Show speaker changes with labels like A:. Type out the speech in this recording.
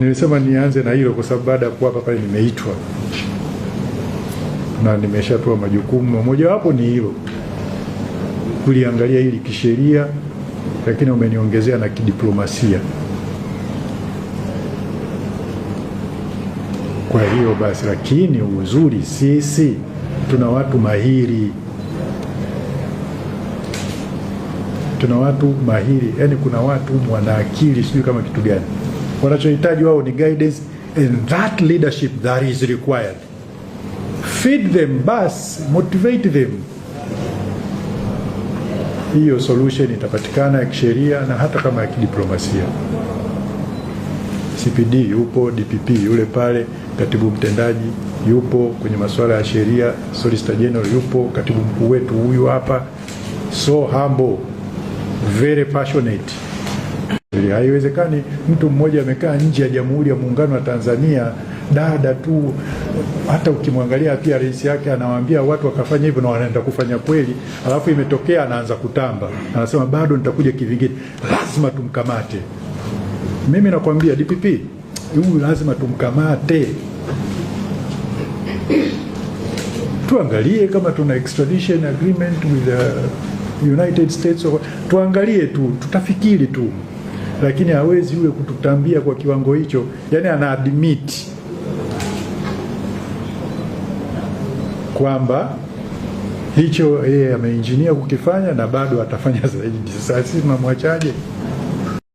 A: Nilisema nianze na hilo kwa sababu baada ya kuwapa pale nimeitwa na nimeshapewa majukumu, mojawapo ni hilo kuliangalia hili kisheria, lakini umeniongezea na kidiplomasia. Kwa hiyo basi, lakini uzuri sisi tuna watu mahiri, tuna watu mahiri, yaani kuna watu wana akili, sijui kama kitu gani. Wanachohitaji wao ni guidance and that leadership that is required. Feed them bas, motivate them. Hiyo solution itapatikana ya kisheria na hata kama ya kidiplomasia. CPD yupo, DPP yule pale, katibu mtendaji yupo kwenye masuala ya sheria, Solicitor General yupo, katibu mkuu wetu huyu hapa, so humble, very passionate. Haiwezekani mtu mmoja amekaa nje ya Jamhuri ya Muungano wa Tanzania, dada tu. Hata ukimwangalia pia rais yake anawaambia watu wakafanya hivyo na wanaenda kufanya kweli, alafu imetokea anaanza kutamba, anasema bado nitakuja kivingine, lazima tumkamate. Mimi nakwambia DPP huyu lazima tumkamate, tuangalie kama tuna extradition agreement with the United States, tuangalie tu, tutafikiri tu lakini hawezi yule kututambia kwa kiwango hicho, yani ana admit kwamba hicho yeye ameinjinia kukifanya na bado atafanya zaidi. Sasa sisi tunamwachaje?